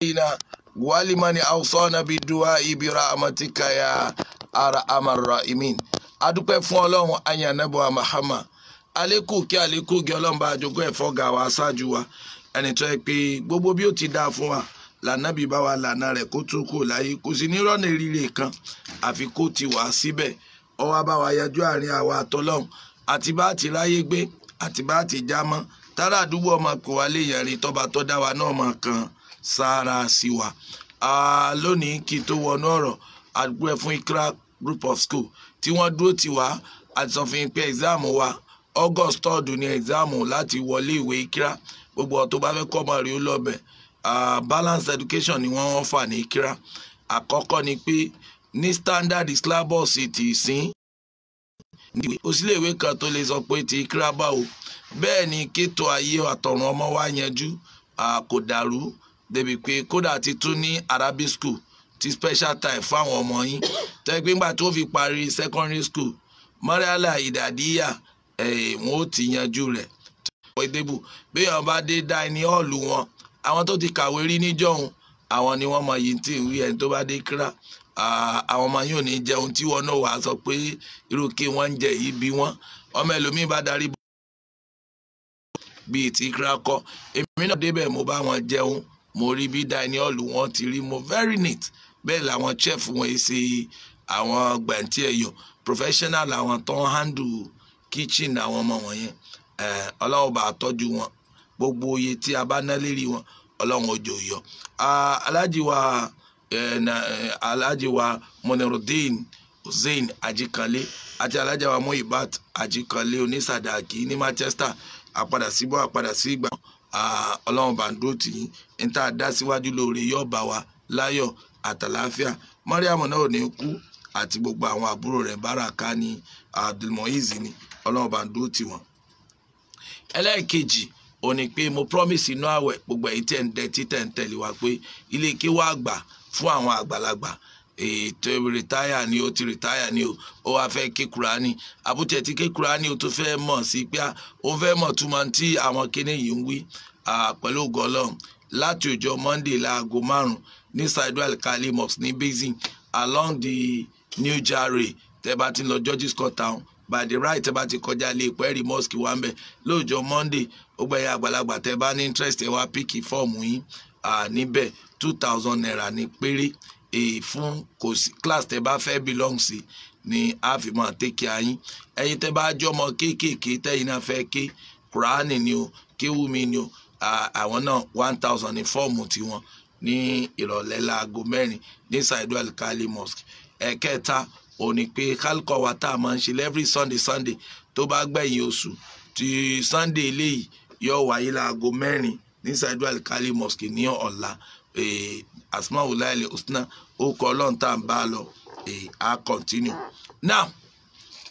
علينا ولمن أوصانا بالدعاء برحمتك يا أرحم الراحمين adúpẹ́ fún ọlọ́run ayanẹ́bọ̀ Muhammad àlékù kí àlékù gẹ ọlọ́mba àjogún ẹ̀fọ́ ga wa ṣáájú wa ẹni tó yẹ pé gbogbo bí ó ti dáa fún wa lànàbí bá wa lànà rẹ̀ kó tún kù láyé kò sí ní rọ́nà eríire kan àfi kó ti wà síbẹ̀ ọwọ́ bá wa yanjú àárín àwa àtọ́lọ́hún àti bá ti ráyé gbé àti bá ti já mọ́ tára àdúgbò ọmọ kò lè yẹ̀rìn tọ́ba tọ́ dá wa náà mọ̀ kan sára sí wa lónìí kí n tó wọnú ọ̀rọ̀ àdúgbò fún Ikra group of school tí wọ́n dúró tì wá àti sọ pé exam wa August third ni exam láti wọlé ìwé Ikra gbogbo ọ̀ tó bá fẹ́ kọ́ ọmọ rẹ̀ ó balance education ni wọ́n wọ́n fà ní Ikra àkọ́kọ́ ni pé ní standard syllabus ti ìsín ó sì lè ìwé kan tó lè sọ pé ti Ikra báwo bẹ́ẹ̀ ni kétò ayé àtọ̀run ọmọ wa yanjú kò dàrú débi pé kódà ti tún ní Arabic school ti special time fáwọn ọmọ yín tẹ́ ńgbà tó fi parí secondary school mọ́rẹ́lá ìdàdíyà eh, wọn ó ti yanjú rẹ̀ tọ́wọ́ ìdébù bí wọn bá dé dá ẹni hall wọn àwọn tó ti kàwé rí níjọ́hun àwọn ni wọ́n mọ yìí tí ìwé ẹni tó bá dé kíra àwọn ọmọ yìí ò ní jẹun tí wọn náà wàá sọ pé irú kí wọ́n ń jẹ yìí bí wọ́n ọmọ ẹlòmíín bá darí bíi ti kíra kọ́ èmi náà débẹ̀ mo bá wọn jẹun mo rí bí daniel wọn ti rí mo very neat bẹ́ẹ̀ làwọn chef wọn ẹ ṣe àwọn gbàǹtí ẹ̀yọ professional làwọn tó ń handle kitchen àwọn ọmọ wọn yẹn eh, ọlọ́run bá tọ́jú wọn gbogbo oyè tí a bá ná lérí wọn ọlọ́run ojú yọ alájíwá alájíwá eh, eh, monirudin hussein ajikanle àti alájíwá mohibat ajikanle onísàdàkì ní manchester àpadà síbọ̀ àpadà sí ìgbà ọlọ́run bá ń dúró tì yín ní tá a dá síwájú lóore yóò bá wa láyọ̀ àtàláfíà mọ́ríàmù náà ò ní kú àti gbogbo àwọn àbúrò rẹ̀ báràká ni abdulmohiz ni ọlọ́run bá ń dúró tì wọ́n. ẹlẹ́ẹ̀kejì ò ní pé mo promise inú àwẹ̀ gbogbo èyí tẹ̀ ń dẹ títẹ̀ ń tẹ̀lé wa pé ilé ike wa àgbà fún àwọn àgbàlagbà ètò rìtáyà ni ó ti rìtáyà ni ó ó wá fẹ́ ké Kùránì àbútẹ̀ tí ké Kùránì ó tó fẹ́ mọ̀ sí pé ó fẹ́ mọ̀ túmọ̀ tí àwọn kinní yìí ń wí pẹ̀lú gọlọ́n láti ọjọ́ Monday láago márùn-ún ní saidu alikali mosque ní basin along the new jare tẹ́ bá ti lọ Georges Court town by the right tẹ́ bá ti kọjá ilé ìpẹ́ rí mosque wa ń bẹ̀ lóòjọ́ Monday ó gbẹ̀yà àgbàlagbà tẹ́ bá ní interest ẹ̀ wá píkì fọ́ọ̀mù yín níbẹ̀ two thousand naira ní péré ìfún kò sí class tẹ bá fẹ́ belong sí ni a fi máa tẹ́kí ayín ẹ̀yin tẹ bá jọmọ kéékèèké tẹ́yìn náà fẹ́ ké kuraani ni o kéwùmí ni o àwọn náà one thousand ní fọ́ọ̀mù tiwọn ní ìrọ̀lẹ́ láago mẹ́rin ní saidu alikali mosque ẹ̀kẹta ò ní pé kálukọ̀ wa tá a máa ń ṣe every sunday sunday tó bá gbẹ̀yìn oṣù ti sunday eléyìí yóò wáyé láago mẹ́rin ní saidu alikali mosque ní ọ̀la Eh, asmaulail husna ó kọ ọlọ́run tá à ń a lọ eh, a continue now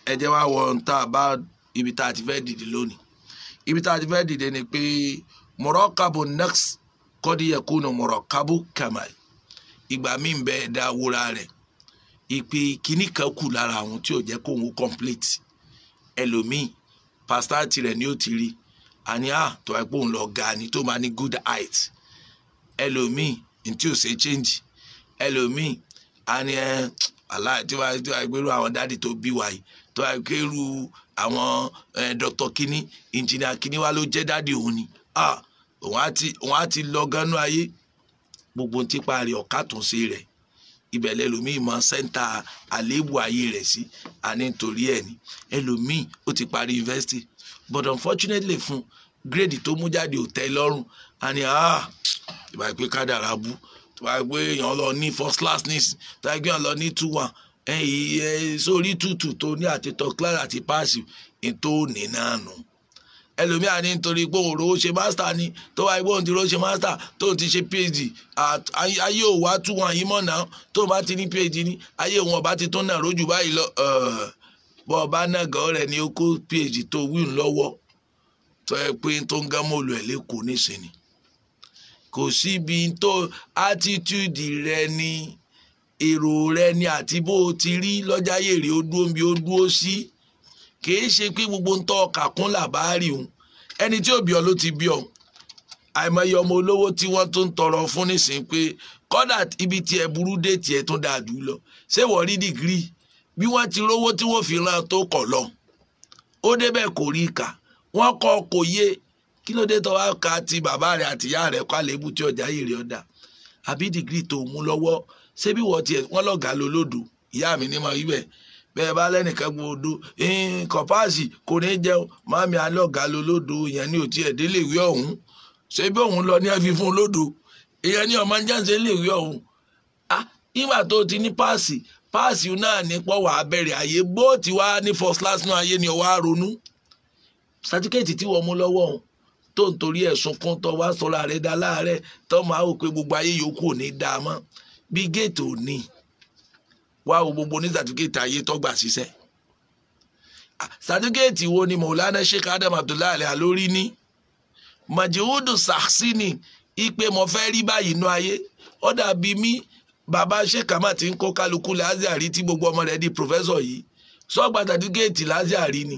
ẹ jẹ́ wá wọ ohun tá a bá ibi tá a ti fẹ́ dìde lónìí ibi tá a ti fẹ́ dìde ni pé mọ̀rọ́kàbù next kọ́díyẹ̀kúnù mọ̀rọ́kàbù kamal ìgbà míì ń bẹ ẹ̀dá wúra rẹ̀ ìpè kínní kan kù lára àwọn tí ò jẹ́ kóun complete ẹlòmíì pásítà tirẹ̀ ni ó ti rí àní à ah, tó ẹ̀ pé òun lọ ga ni tó máa ní good height ẹlòmíì ntí ò ṣe change ẹlòmíì a ní ẹ àlá tí wàá tí wàá gbèrú àwọn dáàdì tó bí wa yìí tó wàá gbèrú àwọn dr kínní engineer kínní wa ló jẹ́ dáàdì òun ni òun á ti lọ gánú ayé gbogbo tí parí ọ̀ká tó ń ṣe rẹ̀ ibẹ̀ lẹ́lòmíì mọ sẹ́ńtà àléébù ayé rẹ̀ sí àní nítorí ẹ̀ ni ẹlòmíì ó ti parí yunifásitì but unfortunately fún gírèdì tó mú jáde ò tẹ́ lọ́rùn a ní ah ìgbà pé kádàrá bú ìgbà pé èèyàn lọ ní first class nísìn ìgbà pé èèyàn lọ ní two one sórí tútù tó ní àtẹ̀tọ̀ clara àti passive ètò òní náà nù ẹlòmíà ní nítorí pé òun rówó ṣe mástà ni tó wáyé pé òun ti rówó ṣe mástà tó ti ṣe phd ayé òun wá tún wọn yìí mọ̀ náà tó bá ti ní phd ní ayé òun ọba ti tún náà rójú báyìí lọ bọ́ ọba náà gan rẹ̀ ni ó kó phd tó wíwù lọ́wọ́ tó yẹ pé tó ń gámọ́ olú ẹ̀ lẹ́kọ̀ọ́ níṣẹ́ ni kò síbi tó attitude rẹ ni èrò rẹ ni àti bó o ti rí lọ́jàyè rè ó dúró bí ó dúró sí kìí ṣe pé gbogbo ń tọ́ ọkà kún làbárì òun ẹni tí òbí ọ ló ti bí ọ àìmọye ọmọ olówó tí wọ́n tún tọrọ fún nísìnyí pé kọ́dà ibi tiẹ̀ burú dé tiẹ̀ tún dáa jù lọ ṣé wọ́n rí dìgírì bí wọ́n ti rówó tí wọ́n fi ran tó kọ̀ lọ ó débẹ̀ kò rí kà wọ́n kọ́ kò yé kí ló dé tó wá ka ti bàbá rẹ àti ìyá rẹ kó àléébù tí ọjà yìí rí ọdà àbí dìgírì tó mú lọ́wọ́ ṣé bí wọ́n tiẹ̀ wọ́n lọ́gàá lọ lódò ìyá mi ní mọ̀ ibẹ̀ bẹ́ẹ̀ bá lẹ́nìkan gbòdo kọ̀páàsì kò ní jẹun mami alọ́gàá lọ lódò ìyẹn ní òtí ẹ̀ délé ìwé ọ̀hún ṣé òun lọ ní àfi fún lódò ìyẹn ní ọmọ jáǹsẹ̀ lè ìwé ọ̀hún ah ìgbà tó ti ní páàsì páàsì náà ní pọ́wọ́ abẹ́rẹ́ ayé bó ti wá ní first class ayé ni ọwọ́ àrònú sátíkẹ́ẹ̀tì tí wọ́n mú lọ́wọ́ ọ̀hún tó ń torí ẹ̀sùn kan tó wá sọ́ra rẹ̀ dá láàárẹ̀ tó máa wò pé gbogbo ayé yòókù ò ní dáa mọ́ bí géètì ò ní wá wo gbogbo ní sàtúkẹ́tì ayé tó gbà ṣiṣẹ́ sàtúkẹ́tì wo ni Maulana Sheikh Adam Abdullahi alẹ́ alórí ní majihudu sahsini ipe mo fẹ́ rí báyìí inú ayé ó dàbí mí bàbá Shekama ti ń kó kálukú láàzíàrí tí gbogbo ọmọ rẹ̀ di pòfẹ́sọ̀ yìí sọ́gbà sàtúkẹ́tì láàzíàrí ni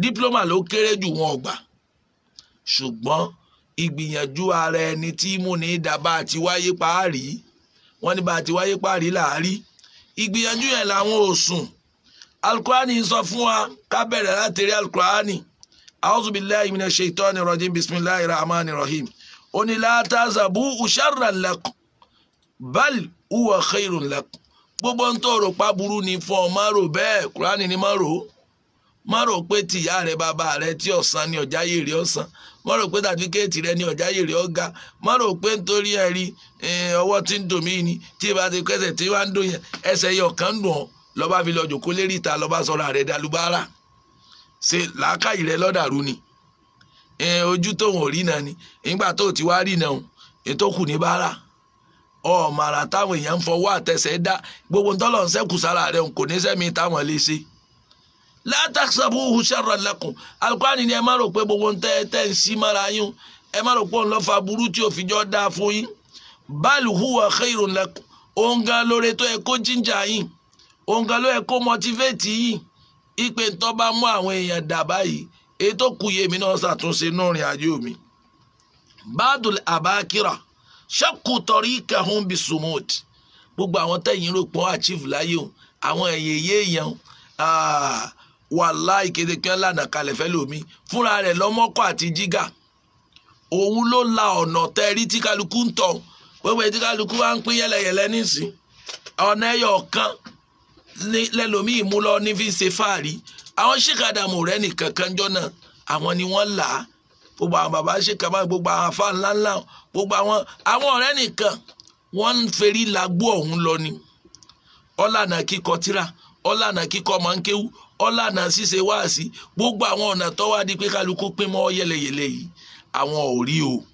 dípúlọ́mà ló kéré jù wọn ọgbà ṣùgbọ́n ìgbìyànjú ara ẹni tí mú ní dàbà àti wáyé paárí wọ́n ní bá àti wáyé paárí làárí ìgbìyànjú yẹn làwọn ò sùn alukurani sọ fún wa ká bẹ̀rẹ̀ láti rí alukurani auzubillahi minash shaitani rajim bismillahir rahmanir rahim ó ní la tazabu sharran lakum bal huwa khairun lakum gbogbo ń tó rò pa burú ni fún ọ má rò bẹ́ẹ̀ kurani ni má rò ó má rò pé tìyá rẹ bàbá rẹ tí ọ̀sán ni ọ̀jáyé rẹ ọ̀sán má rò pé sàtífíkẹ́ẹ̀tì rẹ ní ọ̀já yèrè ọ̀gá má rò pé nítorí ẹ̀rí ọwọ́ tí ń dùn mí ni tí ìbá ti kẹsẹ̀ tí wàá ń dùn yẹn ẹsẹ̀ yẹn ọ̀kan ń dùn ọ́ lọ́ba fi lọ jòkó lérí ìta lọ́ba sọ̀rọ̀ àrẹ dalubára ṣe làákàyè rẹ lọ́dàrú ni ojú tóun ò rí náà ni nígbà tó ti wá rí náà ètò kù ní bára ọ̀ọ́màrà táwọn èèyàn ń fọwọ́ àtẹsẹ̀ dá gbogbo ntọ́lọ́ rẹ̀ kò ní sẹ́mi táwọn lè ṣe látàkṣàbù hùṣàrà lakum alukwani ni ẹ má rò pé gbogbo ń tẹ́ tẹ́ ń sí mọ́ra yín ẹ má rò pé òun lọ́ fa burú tí òfin jọ dáa fún yín bal huwa khairun lakum òun gan lóore tó yẹ kó jíjà yín òun gan ló yẹ kó mọtífẹ́ẹ̀tì yín ìpè tó bá mú àwọn èèyàn dà báyìí èyí tó kù náà ṣàtúnṣe náà rìn àjò mi. badul abakira ṣakku tariqahum bisumud gbogbo àwọn tẹ̀yìn rò pọ̀ achieve láyé o àwọn ẹ̀yẹ yéèyàn ah, wàláì kété kí wọ́n lànà kalẹ̀ fẹ́ lómi fúnra rẹ̀ lọ́mọ́kọ́ àti jígà òun ló la ọ̀nà tẹ́rí tí kálukú ń tọ̀ wípé tí kálukú wá ń pín yẹlẹyẹlẹ nísìn ọ̀nà ẹyọ kan lẹ́lòmíì mú lọ ní fi ṣe fáàrí àwọn ṣèkàdàmù rẹ nìkan kan jọ àwọn ni wọ́n là á gbogbo àwọn bàbá ṣèkàmá gbogbo àwọn afá ńláńlá gbogbo àwọn àwọn ọ̀rẹ́ nìkan wọ́n ń ferí lagbó ọ̀hún lọ ni ọ̀lànà kíkọ tíra ọ̀lànà kíkọ mọ̀ńkéwú ọ̀làna ṣíṣe wáàsí gbogbo àwọn ọ̀nà tó wá di pé kálukú pín mọ́ yẹlẹyẹlẹ yìí àwọn ò rí o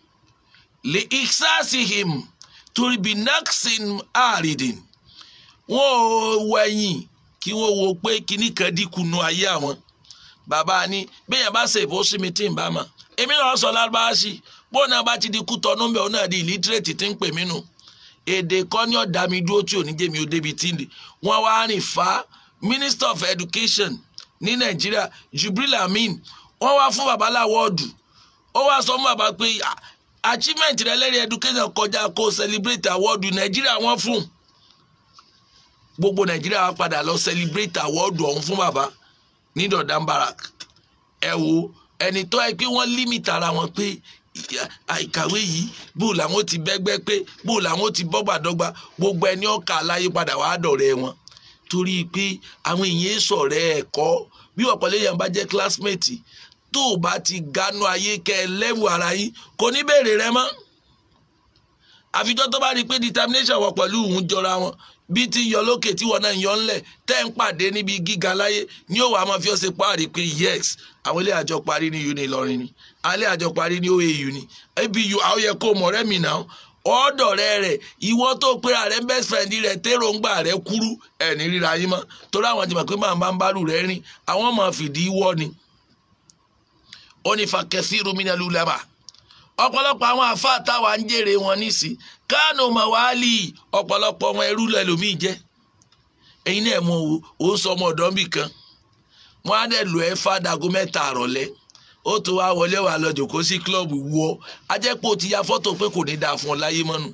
lè ìsásìhìm torí bí naxin àrídìn wọn ò wẹ̀yìn kí wọ́n wo pé kinní kan dínkù ayé àwọn bàbá ni bẹ́ẹ̀ bá ṣe ìbò tí ń bá mà èmi náà sọ lárúbáwá sí bóun náà bá ti di kútọ númbẹ̀ òun náà di ìlítírèètì tí ń pè mí nu èdè kọ́ ni ọ̀dà mi dúró tí ò ní jẹ́ mi ò débi tí ń lè wọ́n wá rìn fàá minister of education ní nàìjíríà Jubril Amin wọ́n wá fún baba láwọ́ọ̀dù ó wá sọ fún baba pé ah, achievement rẹ lẹ́rìí education kọjá kó celebrate awọ́ọ̀dù nàìjíríà wọ́n fún gbogbo nàìjíríà wá padà lọ celebrate awọ́ọ̀dù ọ̀hún fún baba ní dọ̀dán barak ẹ wo ẹni tó ẹ pé wọ́n limit ara wọn pé àìkàwé yìí bó làwọn ti bẹ́gbẹ́ pé bó làwọn ti bọ́gbàdọ́gba gbogbo ẹni ọkà aláyé padà wàá dọ̀rẹ́ wọn torí pé àwọn èèyàn sọ̀rọ̀ ẹ̀kọ́ bí ọ̀pọ̀ lèèyàn bá jẹ́ classmate tó o bá ti ganu ayé kẹ lẹ́wù ara yín kò ní béèrè rẹ mọ́ àfijọ́ tó bá rí i pé determination wọ̀ pẹ̀lú òun jọra wọn bí ti yọ lókè tí wọn náà yọ ńlẹ̀ tẹ́ ń pàdé níbi gíga láyé ní òwò àmọ́ fi ọ̀sẹ̀ parí pé yes àwọn ilé àjọ parí ní uni Ìlọrin ni alẹ́ àjọ parí ní OAU ni abu àwọn yẹ kó mọ̀rẹ́ mi náà ọdọ rẹ rẹ iwọ tó pera rẹ̀ best friend rẹ̀ tẹ́rọ̀ǹgbà rẹ kúrú ẹni ríra yín mọ́ torí àwọn àjẹmọ̀ pé màmá ń rẹ rìn àwọn ọmọ fìdí wọ́ ni. ó ní fàkẹ́sí rumina lulaba ọ̀pọ̀lọpọ̀ àwọn àfa táwa ń jèrè wọn nísìn kánò mọ̀wálì ọ̀pọ̀lọpọ̀ wọn ẹrú lẹ́lòmíì jẹ́ ẹ̀yin náà ò ń sọ ọmọ ọ̀dọ́ á dẹ̀ ẹ́ fàdàgọ́ ó tún wá wọlé wà lọ jòkó sí klọ́ọ̀bù wọ ajẹ́pọ̀ ti ya fọ́tò pé kò ní dáa fún ọ láyé mọ́nu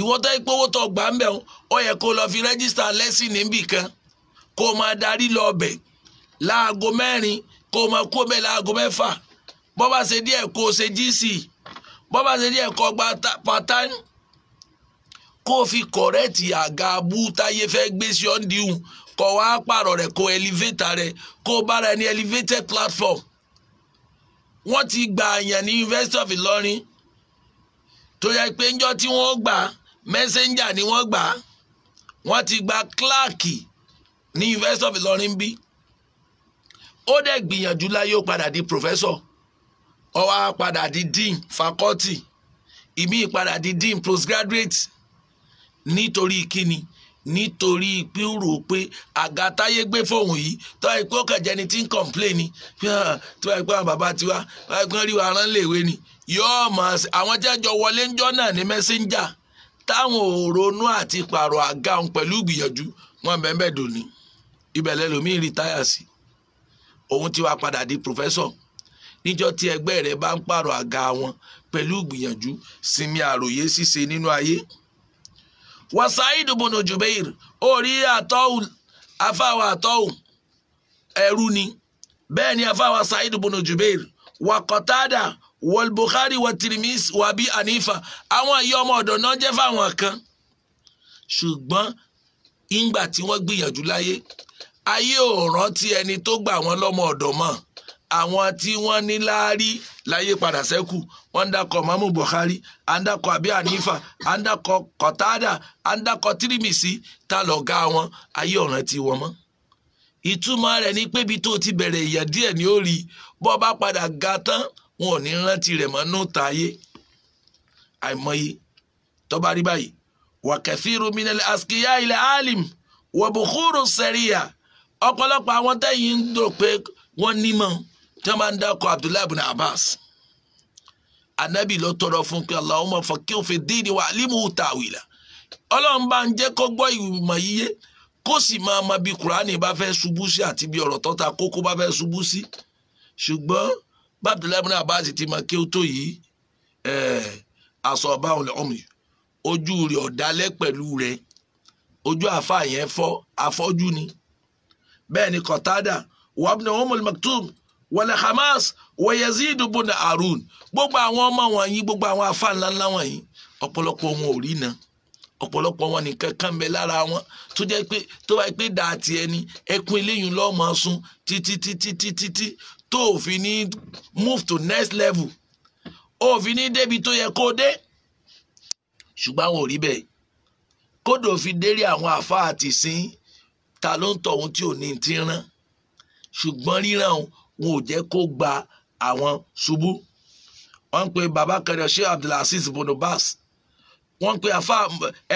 ìwọ́tọ́ ìpówó tó gbà ń bẹ̀ ọ yẹ kó lọ fi rẹ́gísítà lẹ́sìn níbì kan kó máa darí lọ ọbẹ̀ láago mẹ́rin kó máa kó bẹ́ẹ̀ láago mẹ́fà bọ́ bá ṣe díẹ̀ kó o ṣe gc bọ́ bá ṣe díẹ̀ kó o gba pátán kó o fi kọ̀rẹ́ẹ̀tì àga abú táyé fẹ́ gbé sí ọ́ndìhùn kó wá pààrọ̀ rẹ̀ kó ẹlivétà rẹ̀ kó o bára ẹni elevated platform wọ́n ti gba àyàn ní University of Ìlọrin tó yẹ pé ńjọ́ tí wọ́n gbà messenger ni wọ́n gbà wọ́n ti gba clerk ní University of Ìlọrin bí ó dẹ̀ gbìyànjú láyé ó padà di professor ó wá padà di dean faculty ìmí padà di dean postgraduate nítorí kíni nítorí pé ó rò pé àga táyé gbé fóun yìí tó ẹ pé ó kẹjẹ ni tí ń kọ̀ǹpléènì tó ẹ pé àwọn bàbá tiwa tó ẹ pé rí wa rán léèwé ni yóò mọ̀ àwọn jẹ́jọ wọlé ńjọ́ náà ní mẹ́sẹ́ńjà táwọn ò ronú àti pààrọ̀ àga òun pẹ̀lú ìgbìyànjú wọn bẹ́ẹ̀ dòní ibẹ̀ lẹ́lòmíì rìtáyà sí òun ti wá padà di pòfẹ́sọ̀ níjọ́ tí ẹgbẹ́ rẹ̀ bá ń pààrọ̀ àga wọn pẹ̀lú ìgbìyànjú sinmi àròyé ṣíṣe nínú ayé. Wasaidu bono jubair ori àtọ́wù afawa àtọ́wù ẹ̀rú ni bẹ́ẹ̀ ni afáwa said bono jubair wa kọ́tádà wal bukhari wa tirimis wa bi anifa àwọn ìyá ọmọ ọ̀dọ̀ náà jẹ́ fáwọn kan ṣùgbọ́n ìgbà tí wọ́n gbìyànjú láyé ayé ò rántí ẹni tó gbà wọ́n lọ́mọ ọ̀dọ̀ mọ́ àwọn tí wọ́n ní láárí láyé padà sẹ́kù wọ́n ń dakọ̀ mamu Buhari à ń dakọ̀ abi Hanifa à ń dakọ̀ Qatada à ń dakọ̀ Tirimisi ta lọ̀gá wọn ayé ọ̀ràn ti wọn mọ́ ìtumọ̀ rẹ̀ ni pé ibi tó ti bẹ̀rẹ̀ ìyà díẹ̀ ni ó rí bọ́ bá padà ga tán wọn ò ní rántí rẹ̀ mọ́ nù tààyè àìmọye tọ́ba rí báyìí wàkẹ́fìrú minel askiya ilẹ̀ alim wọ̀bùkúrú sẹ̀ríyà ọ̀pọ̀lọpọ̀ àwọn tẹ́yìn ń dò pé wọ́n nímọ̀ tí wọ́n máa ń dákọ̀ Abdullahi ibn Abbas anabi ló tọrọ fún pé Allahumma faqqihhu fi ddini wa allimhu ta'wila ọlọ́run bá ń jẹ́ kó gbọ́ ìmọ̀ yíyé kó sì máa ma bí kùránì bá fẹ́ ṣubú sí àti bí ọ̀rọ̀ tọ́ta kókó bá fẹ́ ṣubú sí ṣùgbọ́n bábdùlá ibn Abbas ti máa kí ó tó yìí eh, aṣọ ọba òun lọ́mù ojú rẹ̀ ọ̀dálẹ́ pẹ̀lú rẹ̀ ojú àfa yẹn fọ́ afọ́jú ni bẹ́ẹ̀ ni Qatada wabn Umm al-Maktum Hamas wẹ̀yẹ̀zídù bùnà àrùn gbogbo àwọn ọmọ wọ̀nyí gbogbo àwọn afá ńláńlá wọ̀nyí ọ̀pọ̀lọpọ̀ wọn ò rí na ọ̀pọ̀lọpọ̀ wọn nìkan kan bẹ lára wọn tó jẹ́ pé tó wáyé pé dà tí ẹni ẹkún eléyìí lọ́mọ sún títí títí títí tí tó fi ní move to next level ó fi ní débi tó yẹ kó dé ṣùgbọ́n àwọn ò rí bẹ́ẹ̀ kódò fi dérí àwọn àfa àti sin ta ló ń tọ̀hún tí ò ní ti rán ṣùgbọ́n ríran wọn ò jẹ́ kó gba àwọn ṣubú wọ́n ń pe baba kẹrẹ ṣé abdulaziz bonobas wọ́n ń pe àfa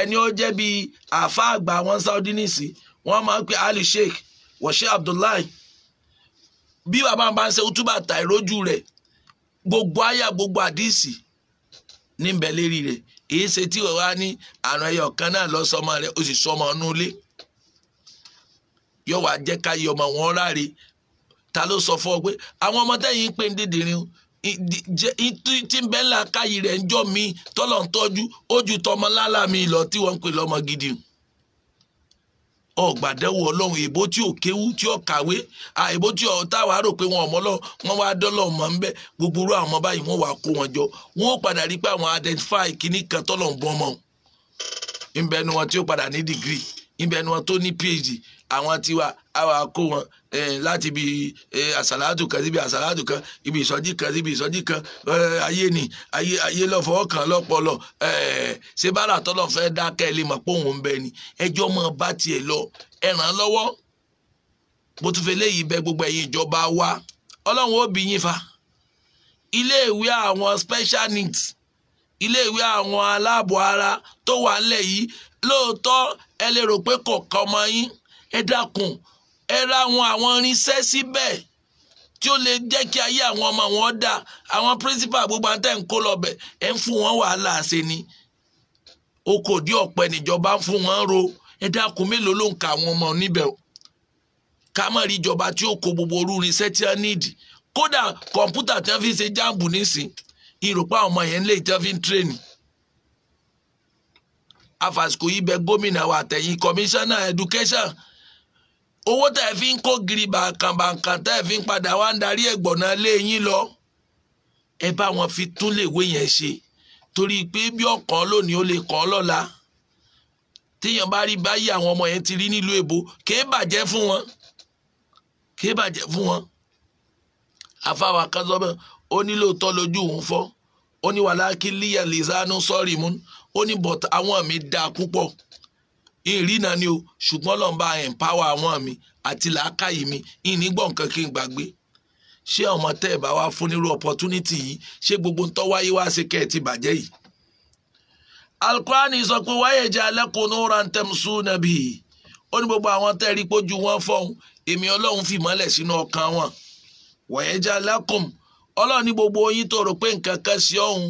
ẹni ó jẹ́ bíi àfa àgbà wọn saudi nìsí wọ́n máa ń pe ali sheikh wọ̀ṣẹ́ abdullahi bí bàbá bá ń ṣe utuba ta ìrójú rẹ̀ gbogbo àyà gbogbo àdìsí níbẹ̀ lérí rẹ̀ èyí ṣe tí wọ́n wá ní àrùn ẹyọ kan náà lọ sọmọ rẹ̀ ó sì sọmọ ọnú ilé yóò wá wọn ráre ta ló sọ fún ọ pé àwọn ọmọ tẹ́yìn ń pè ń dìdìrín o tí ń bẹ́ẹ̀ làákàyè rẹ̀ ń jọ mi tọ́lọ̀ ń tọ́jú ojú tọmọ lálá mi lọ tí wọ́n ń pè lọ́mọ gidi ọgbàdẹ́wò ọlọ́run èbó tí ò kéwú tí ò kàwé èbó tí ò táwa rò pé wọn ò mọ́lọ́ wọn wá dọ́lọ̀ mọ́ ń bẹ́ gbogbo irú àwọn ọmọ báyìí wọ́n wá kó wọn jọ wọn ó padà rí pé àwọn identify kìíní kan tọ́lọ̀ ń bọ́ ọmọ ń bẹnu wọn tí ó padà ní dìgírì ibẹ̀ ni wọn tó ní phd àwọn tiwa àwa kó wọn láti ibi àsàlátù kan síbi àsàlátù kan ibi ìsọjí kan síbi ìsọjí kan ayé ni ayé ayé lọ́fọ̀ọ́ kan lọ́pọ̀lọ́ ṣé bára tọ́lọ̀ fẹ́ dákẹ́ lè mọ̀ pé òun ń bẹ ni ẹjọ́ mọ̀ bá tiẹ̀ lọ ẹ ràn án lọ́wọ́ bó tún fẹ́ léyìí bẹ gbogbo ẹ̀yin ìjọba wa ọlọ́run ó bí yín fa iléèwé àwọn special needs iléèwé àwọn aláàbọ̀ ara tó wà ńlẹ̀ yìí lóòótọ́ ẹ lè rò pé kọ̀ọ̀kan ọmọ yín ẹ dákun ẹ ra àwọn àwọn irinṣẹ́ síbẹ̀ tí ó lè jẹ́ kí ayé àwọn ọmọ wọn dá àwọn principal gbogbo àtẹ̀ ń kó lọ́bẹ̀ ẹ̀ ń fún wọn wàhálà ṣe ni o kò dí ọ̀pẹ níjọba ń fún wọn ro ẹ dákun mélòó ló ń ka àwọn ọmọ níbẹ̀ ká mọ̀ rí ìjọba tí ó kó gbogbo orú irinṣẹ́ tí wọ́n nídìí kódà kọ̀ǹpútà tí wọ́n fi ṣe jáàmù nísìn ìròpá ọmọ yẹn lè tí wọ́n fi ń tírèènì afàsìkò yìí bẹ gómìnà wa àtẹ̀yìn kọmíṣánná education owó tẹ̀ fi ń kó giri bàǹkàbàǹkà tẹ̀ fi ń padà wá ń darí ẹ̀gbọ̀nà lé yín lọ ẹ bá wọn fi tún léwé yẹn ṣe torí pé bí ọ̀kan lónìí ó lè kàn lọ́la téèyàn bá rí báyìí àwọn ọmọ yẹn ti rí nílùú èbó kèé bàjẹ́ fún wọn kèé bàjẹ́ fún wọn àfàwà kan sọ bẹ́ẹ̀ ó ní lóòótọ́ lójú òun fọ́ ó ní wàhálà kí líyà lè sánú sọ́ọ̀rì mú ó ní but àwọn mi dáa púpọ̀ ìrìnà ni o ṣùgbọ́n lọ́n bá empower àwọn mi àti làákàyè mi ìní gbọ́ nǹkan kí n gbàgbé ṣé ọmọ tẹ́ ẹ̀ bá wá fún nírú opportunity yìí ṣé gbogbo ń tọ́wáyé wá sí kẹ́ẹ̀ ti bàjẹ́ yìí. alukurani sọ pé wáyé jẹ́ alẹ́kùnrin ó ra ń tẹ́mùsù nàbì ó ní gbogbo àwọn tẹ́ rí pójú wọn fọ́hún èmi ọlọ́run fi mọ́lẹ̀ sínú ọkàn wọn wọ̀nyẹ́jà lákùn ọlọ́run ní gbogbo oyin tó rò pé nǹkan kan sí ọ̀hún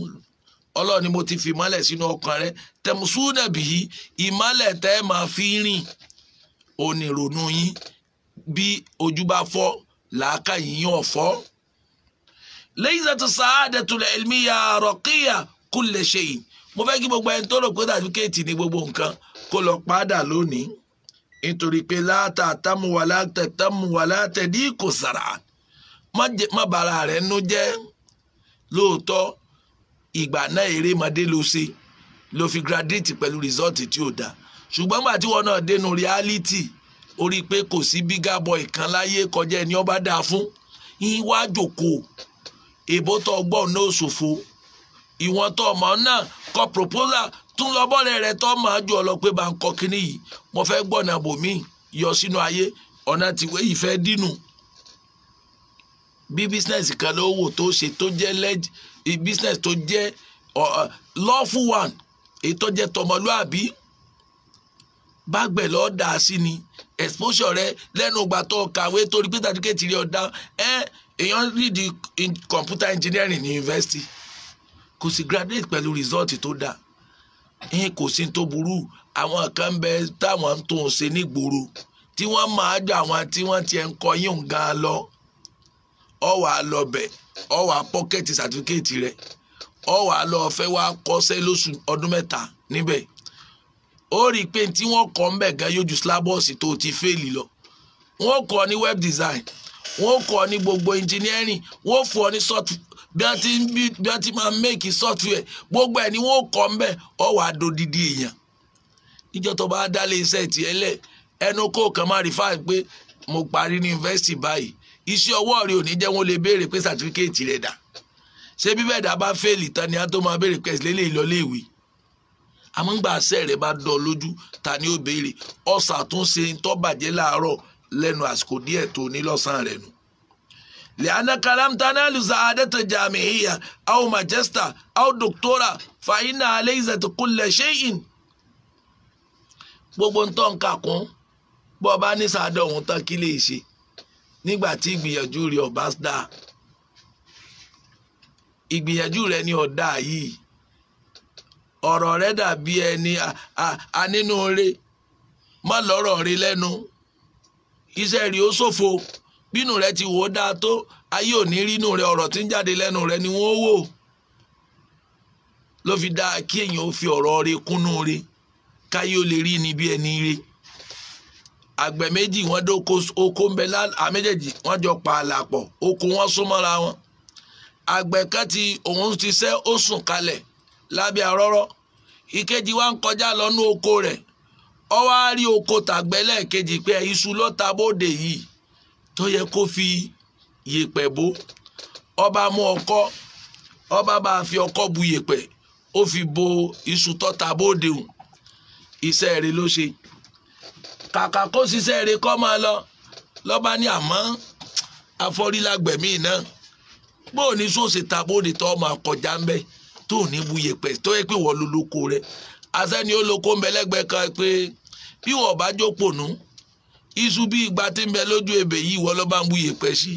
ọlọ́run ni mo ti fi ìmọ́lẹ̀ sínú ọkàn rẹ tẹ̀mùsùnà bìí ìmọ́lẹ̀ tẹ́ ẹ máa fi rìn òní ìrònú yín bí ojú bá fọ́ làákà yín yóò fọ́. lẹ́yìn tó sàádẹ́ tó ẹ̀mí ya rọ̀kìyà kú lè ṣe yìí mo fẹ́ kí gbogbo ẹni tó rò pé sàdúkẹ́ẹ̀tì ní gbogbo nǹkan kó lọ padà lónìí nítorí pé láàtà támúwàlá tẹ̀támúwàlá tẹ̀dí kò sàrà má bàrà rẹ̀ nú jẹ́ lóòótọ́ ìgbà náà erémọdé ló ṣe ló fi graduate pẹ̀lú result tí ò dáa ṣùgbọ́n gbà tí wọn náà dénú reality ó rí i pé kò sí bigger boy kan láyé kọjá ẹni ọba dáa fún ìwà jòkó èbó tó gbọ́ náà ṣòfò ìwọ̀n tó ọmọ náà kọ proposal tún lọ bọ́ọ̀lẹ́ rẹ tó máa jù ọ lọ bá ń kọ kínní yìí mo fẹ́ gbọ́nà bòmíì yọ sínú ayé ọ̀nà tìwé yìí fẹ́ dínú bí business kan ló wò tó ṣe tó jẹ́ led business tó jẹ́ lawful one èyí tó jẹ́ tọmọlúàbí bágbẹ̀ lọ́ọ́ dà á sí ni exposure rẹ lẹ́nu ìgbà tó kàwé torí pé tàdúkẹ́tì rí ọ̀dà ẹ èèyàn rídi computer engineering ní university kò sì graduate pẹ̀lú result tó dáa ẹ kò sí tó burú àwọn kan ń bẹ táwọn tó ń ṣe nígboro tí wọ́n máa jọ àwọn tí wọ́n ti ń kọ yín gan lọ ọ wà á lọ bẹ̀ ọ wà á pọ́kẹ́tì sàtífíkẹ́tì ọ wà á lọ lóṣù ọdún mẹ́ta níbẹ̀ ó rí pé tí wọ́n kọ́ ń gan yóò ju tó ti fẹ́ẹ̀lì lọ wọn kọ ní web design wọn kọ ní gbogbo engineering wọ́n ní bí ti máa make software gbogbo ẹ̀ ni wọ́n kọ́ ń ọ dodidi iṣẹ́ ọwọ́ rẹ ò ní jẹ́ wọn lè béèrè pé sàtífíkẹ́ẹ̀tì rẹ dà ṣé bí bẹ́ẹ̀ dá bá fẹ́ẹ̀lì tán ni a tó máa béèrè pé ẹ̀sìn lélẹ́yìn lọ́lé ìwé àmọ́ngbà àṣẹ rẹ bá dán lójú ta ni ó béèrè ọ̀sà tún ṣe ń tọ́ bàjẹ́ láàárọ̀ lẹ́nu àsìkò díẹ̀ tó ní lọ́sàn-án rẹ̀ nù. lẹ́ànà kalamtana lùsà àdẹ́tẹ̀ jàmíhìyà àwọn majesta àwọn dòkítọ́rà fàyínà alẹ́ ìzẹ̀tìkúnlẹ̀ ṣẹ́yìn. gbogbo ń tọ́ nǹkan kún bọ́ọ̀ bá ní sàádọ́ òun tán kí lè ṣe nígbà tí ìgbìyànjú rẹ ọba dá ìgbìyànjú rẹ ní ọ̀dà yìí ọ̀rọ̀ rẹ dàbí ẹni anínúure má lọ́rọ̀ rẹ lẹ́nu iṣẹ́ rẹ ó ṣòfò bínú rẹ ti wò ó dáa tó ayé ò rínú rẹ ọ̀rọ̀ tí ń jáde lẹ́nu rẹ ni wọ́n wò ló fi dáa kí èèyàn ó fi ọ̀rọ̀ rẹ kúnnú rẹ káyé ó lè rí ni bí ẹni rẹ àgbẹ̀ méjì wọ́n dé oko ń bẹ àméjèèjì wọ́n jọ pa àlàpọ̀ oko wọn súnmọ́ra wọn àgbẹ̀ kan ti òun ti sẹ́ ó sùn kalẹ̀ lábẹ́ àrọ́rọ́ ìkejì wa ń kọjá lọ ní oko rẹ̀ ọ wá rí oko tàgbẹ́ lẹ́ẹ̀kejì pé iṣu ló ta bóde yìí tó yẹ kó fi yèpẹ̀ bó ọba mú ọkọ́ ọba bá fi ọkọ́ bu yèpẹ̀ ó fi bo iṣu tó bóde hùn rẹ̀ ló ṣe kàkà kó ṣiṣẹ́ rẹ̀ kọ́ máa lọ lọ́ba ní àmọ́ afọ́rílágbẹ̀mí náà bóò ní sóòsì ta bóò ní tọ́ máa kọjá ń bẹ́ tó ní bu yèpẹ̀ tó yẹ pé wọ́n lo lóko rẹ̀ asẹ́ni ó lóko ń bẹ lẹ́gbẹ̀ẹ́ kan pé bí wọ́n bá jókòó nù iṣu bí ìgbà tí ń bẹ lójú ebè yìí wọ́n lọ́ bá ń bu yèpẹ̀ sí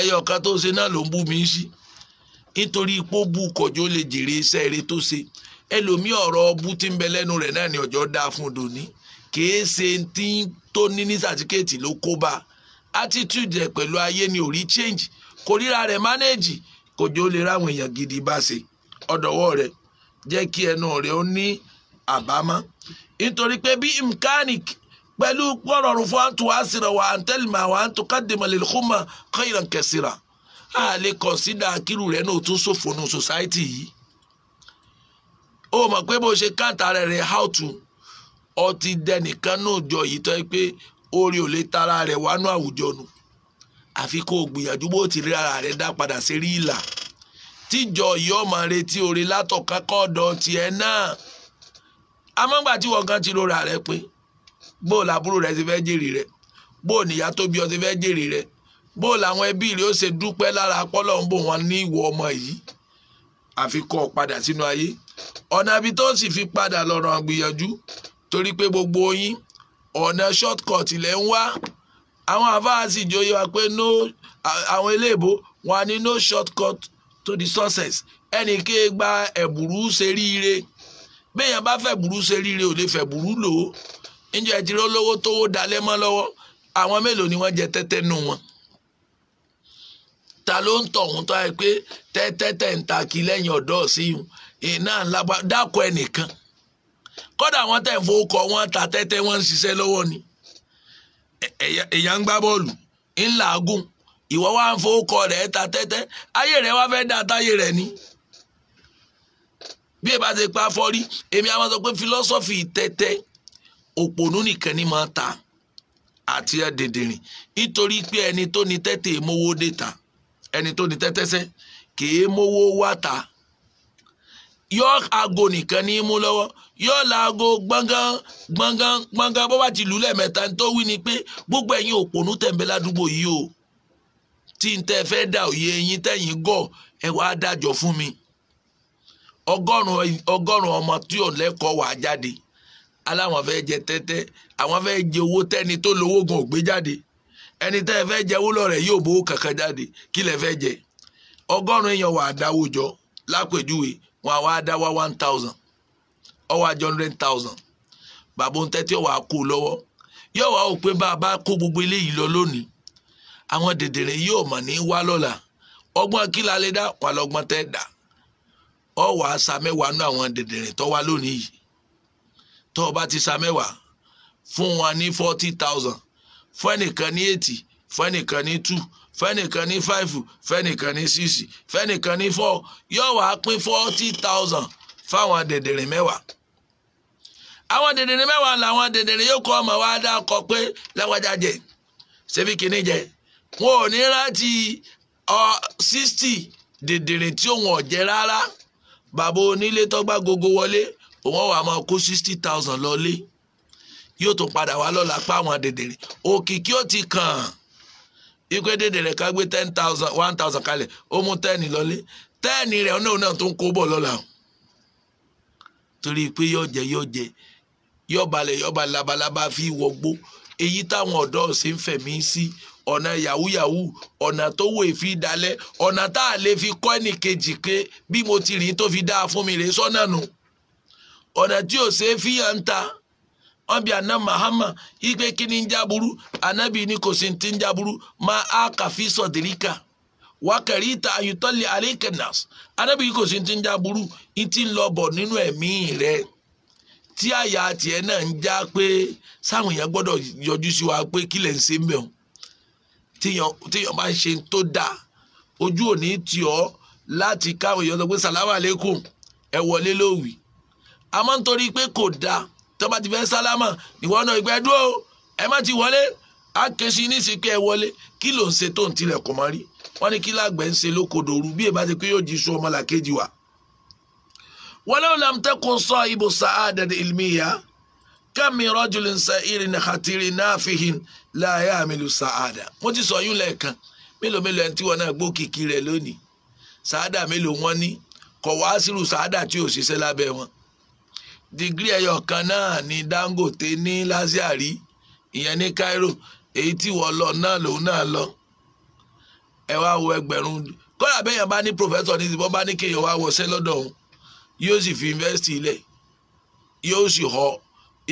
ẹyọ kan tó ṣe náà ló ń bú mi sí nítorí ipò bú kọjọ lè jèrè iṣẹ́ rẹ̀ tó ṣe ẹlòmíọ̀rọ̀ ọbú tí ń bẹ lẹ́nu rẹ̀ náà ní ọjọ́ dáa fún un dòní kìí ṣe tí tó ní ní sàtíkẹ́ẹ̀tì ló kó bá attitude rẹ̀ pẹ̀lú ayé ni ò rí change kò ríra rẹ̀ manage kò jẹ́ lè ráwọn èèyàn gidi bá ṣe ọ̀dọ̀wọ́ rẹ̀ jẹ́ kí ẹnu rẹ̀ ó ní àbámọ́ nítorí pé bí mechanic pẹ̀lú pọ̀rọ̀rùn fún àǹtò àṣìrò wà àǹtẹ̀lìmọ̀ àwọn àǹtò kádìmọ̀lẹ̀ kọ́mọ̀ kọ́ìràn kẹsìrà á lè consider akírù rẹ̀ náà tún ṣòfò nù society yìí ó mọ̀ pé bó ṣe káàtà rẹ̀ rẹ̀ how to ọ ti dẹnìkan náà jọ yìí tọ́ pé orí ò lè tara rẹ̀ wánú àwùjọ nu àfi kó o gbìyànjú bó ti rí ara rẹ̀ dá padà sí rí ìlà tíjọ yìí ọmọ retí orí látọ̀ká kọ́ọ̀dọ̀ tiẹ̀ náà amọ́gbà tí wọ́n kan ti rora rẹ̀ pé bó o làbúrò rẹ̀ ti fẹ́ jèrè rẹ̀ bó o níyà tó bí ọ ti fẹ́ jèrè rẹ̀ bó làwọn ẹbí rẹ̀ ó ṣe dúpẹ́ lára apọ́lọ́ ń bò wọ́n ní ìwọ ọmọ yìí àfi padà sínú ayé ọ̀nà ibi tó sì fi padà lọ́rọ̀ àgbìyànjú torí pé gbogbo yín ọ̀nà shortcut ilẹ̀ ń wá àwọn àfáàsì ìjòyè wa pé no àwọn eléèbó wọn ní no shortcut to the success ẹnì ké gba ẹ̀bùrú ṣe ríire béèyàn bá fẹ́ burú ṣe ríire ò lè fẹ́ burú lò ó ǹjẹ́ ẹ ti rí olówó tówó dalẹ̀ mọ́ lọ́wọ́ àwọn mélòó ni wọ́n jẹ tẹ́tẹ́ nù wọn ta ló ń tọ̀hún tó ẹ pé tẹ́tẹ́tẹ́ ń ta kí lẹ́yìn ọ̀dọ́ sí i iná ńlá dákọ̀ ẹnìkan kódà àwọn tẹ̀ fowó kọ wọn ta tẹ́tẹ́ wọn ń ṣiṣẹ́ lọ́wọ́ ni ẹ̀yà ń gbá bọ́ọ̀lù ń làágùn ìwọ wa ń fowó kọ rẹ̀ ta tẹ́tẹ́ ayé rẹ̀ wá fẹ́ dá táyé rẹ̀ ni bí ẹ bá ti pa afọ́rí èmi àwọn sọ pé fílọ́sọ́fì tẹ́tẹ́ òpònú nìkan ni máa ta àti dèdèrìn nítorí pé ẹni tó ní tẹ́tẹ́ mówó dé ta ẹni tó ní tẹ́tẹ́sẹ́ kì í mówó wá ta. yọ aago nìkan ní í mú yọ laago gbọ̀ngàn gbọ̀ngàn gbọ̀ngàn bó ti lù mẹta tó pé gbogbo ẹ̀yin òpònú tẹ̀m̀bẹ̀ ládùúgbò yìí o tí n tẹ́ fẹ́ dà òye gọ̀ ẹ fún mi ọgọrùn ọmọ tí ò wà jáde aláwọn tẹ́tẹ́ àwọn owó wọn àwa dá wá one thousand ọwọ́ àjọ hundred thousand bàbá ohun tẹ́tí ọ̀wà kú lọ́wọ́ yóò wá òpé bá a bá kó gbogbo eléyìí lọ lónìí àwọn dèdèrè yóò mọ̀ ní wá lọ́la ọgbọ́n kí la lè dá wà lọ́gbọ́n tẹ́ dà ọ wà á mẹ́wàá nú àwọn dèdèrè tó wá lónìí yìí tó o bá ti sa mẹ́wàá fún wọn ní forty thousand fún ẹnìkan ní eighty fún ẹnìkan ní two fẹ́nìkan ní five fẹ́nìkan ní six fẹ́nìkan ní four yóò wá pín forty thousand fáwọn dèdèrè mẹ́wàá àwọn dèdèrè mẹ́wàá làwọn dèdèrè yóò kọ́ ọmọ wa dá ọkọ pé lágbájá jẹ ṣebí kìíní jẹ wọn ò ní rántí sixty dèdèrè tí òun ọ̀jẹ́ rárá bàbá onílé tọ́gbà gogo wọlé òun wà máa kó sixty thousand lọ lé yóò tún padà wá lọ́la pa àwọn dèdèrè òkìkí ó ti kàn án ikú dédè rẹ̀ ká gbé ten thousand one thousand kalẹ̀ ó mú tẹ́ẹ̀nì lọlé tẹ́ẹ̀nì rẹ̀ ọ̀nà náà tó ń kó bọ̀ lọ́la torí pé yóò jẹ yóò jẹ yóò balẹ̀ yóò balẹ̀ labalábá fi wọgbó èyí táwọn ọ̀dọ́ ṣe ń fẹ̀mí sí ọ̀nà yàwúyàwú ọ̀nà tó wò fi dalẹ̀ ọ̀nà tá a lè fi kọ́ ẹnì kejì pé bí mo ti rìn tó fi dáa fún mi rè sọ́nà nù ọ̀nà tí ò ṣe fi hàn ta wọn bí àná mahama ipe kíni ń jáburú ànábì ni kò sí ti ń jáburú máa á kàfi sọdìríkà wákàrí ìta ayùtọ́lẹ̀ àríkẹ̀nàs ànábì kò sí ti ń jáburú ìtì ń lọ bọ̀ nínú ẹ̀mí rẹ̀ sáwọn èèyàn gbọ́dọ̀ yọjú sí wa pé kílẹ̀ ń ṣe mẹ́wọ̀n téèyàn bá ń ṣe tó dáa ojú òní tì ọ́ láti káwọn èèyàn sọ pé sàlámà lẹ́kùn ẹ̀ wọlé lówì àmọ́ nítorí pé kò dáa tó bá ti fẹ́ sálámà ìwọ náà ìgbẹ́ dúró ẹ má ti wọlé á ké sí ní ìsìnkú ẹ wọlé kí ló ń ṣe tó ń tilẹ̀ kò mọ́ rí wọ́n ní kí lágbẹ̀ ń ṣe lókodò òru bí èbá ti pé yóò jí sun ọmọlàkejì wa. walau lam takun sahibu sa'adat ilmiya kam min rajulin sa'irin khatirin nafihin la ya'malu sa'ada. mo ti sọ yún lẹ́ẹ̀kan mélòó mélòó ẹni tí wọn náà gbó kìkì rẹ̀ lónìí sàádà mélòó wọn ní kọ̀ wá sàádà tí ò ṣiṣẹ́ lábẹ́ wọn dìgírì ẹyọ kan náà ni Dangote ní Láṣíárì ìyẹn ní Cairo èyí tí wọ́n lọ náà lòun náà lọ ẹ wá wo ẹgbẹ̀rún kọ́lá bẹ́yàn bá ní professor ní ìbọn bá ní kéèyàn wá wọṣẹ́ lọ́dọ̀ òun yóò sì fi invest ilẹ̀ yóò sì họ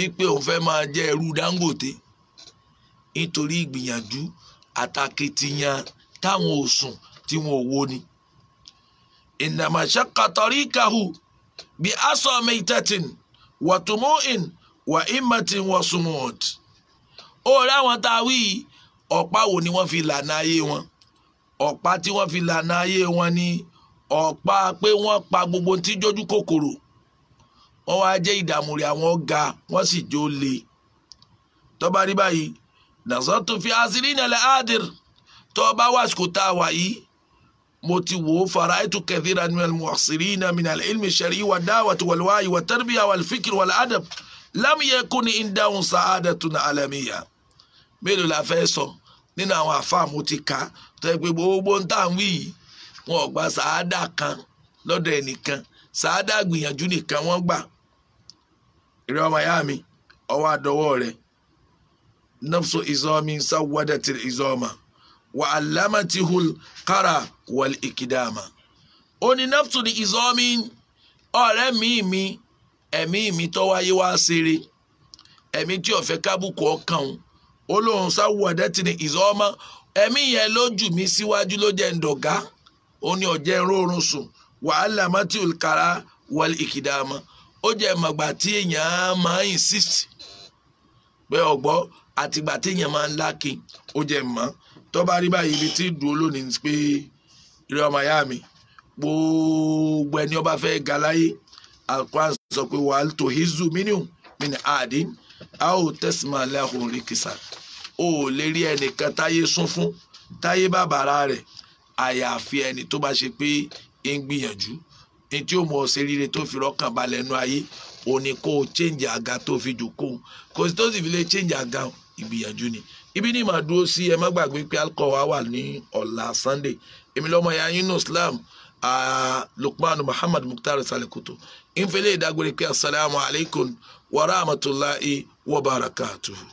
ipe òun fẹ́ máa jẹ́ ẹrú Dangote nítorí ìgbìyànjú àtàkìtìyàn táwọn òsùn tí wọn ò wo ni. ìnàmọ̀ṣẹ́ kàtọ́rí kahu bí aṣọ mi tẹ̀tìn wàtúmọ́ìn wà ìmọ̀tì wọn sùnmọ̀t ó rí àwọn tá a wí ọ̀pá wo ni wọ́n fi lànà ayé wọn ọ̀pá tí wọ́n fi lànà ayé wọn ni ọ̀pá pé wọ́n pa gbogbo tí jójú kòkòrò wọ́n wá jẹ́ ìdààmú rẹ̀ àwọn ọ̀gá wọ́n sì jó le tó bá rí báyìí nàṣọ́ tó fi àṣírí nílẹ̀ áàdìr tó bá tá a wà yìí mo ti wò ó fara ètò kẹfìrà ní ẹlmọ ọ̀sìrì iná mi náà ilmi ṣẹ̀rí wà dáwà tó wàlúwà ìwà tẹ́rìbíyà wà fíkìrì wà ládàb lámìyẹ kú ní ìdáhùn sàádà tó na alamiya mélòó la fẹ́ sọ nínú àwọn àfáà mo ti kà tó ẹ pé gbogbo ń tà ń wí yìí wọn ò gba sàádà kan lọ́dọ̀ ẹnìkan sàádà gbìyànjú nìkan wọ́n gbà ìrẹ́ ọmọ ìyá mi ọwọ́ àdọ́wọ́ rẹ̀ nafsu ìzọ́mi sáwọ́dà tìrì wà alámàtìhùl kára wàl ìkìdàmà ó ní neptune ìzọ́mí ọ̀rẹ́ mi mi ẹ̀mí mi tó wáyé wá ṣeré ẹ̀mí tí ọ̀fẹ́ kábùkù ọkàn ó lóun sáwọ́ ẹ̀dẹ́tìní ìzọ́mọ́ ẹ̀mí yẹn ló jù mí síwájú ló jẹ́ ǹdọ̀gá ó ní ọ̀jẹ́ rórun sùn wà alámàtìhùl kára wàl ìkìdàmà ó jẹ́ mọ̀gbà tí èèyàn máa ń insist pé ọ̀gbọ́ àtìgbà tí èèyàn máa ń lákin ó jẹ́ mọ́ tó bá rí báyìí ibi tí dùn lónìí ni pé ìrẹ́ ọmọ ìyá mi gbogbo ẹni ọba fẹ́ ga láyé alquran sọ pé wàá tó hizu minium mini adin a ò tẹ̀sìmọ̀ aláhùn rìkìsà o ò lè rí ẹnìkan táyé sún fún táyé bàbàrà rẹ̀ àyàfi ẹni tó bá ṣe pé ń gbìyànjú ní tí ó mọ ọ̀sẹ̀ rire tó fi rọ́kàn balẹ̀ ẹnu ayé òní kó o change àga tó fi jòkó kò sí tó sì fi lè change àga ìgbìyànjú ni ibi ní màá dúró sí ẹ má gbàgbé pé alcohol wa wà ní ọ̀la sunday èmi lọ́mọ ya yínú islam lukman muhammad mukhtar salikutu ìfẹ́lẹ́ ìdágbére pé asalaamualeykum wa rahmatulahi wa barakatuhu.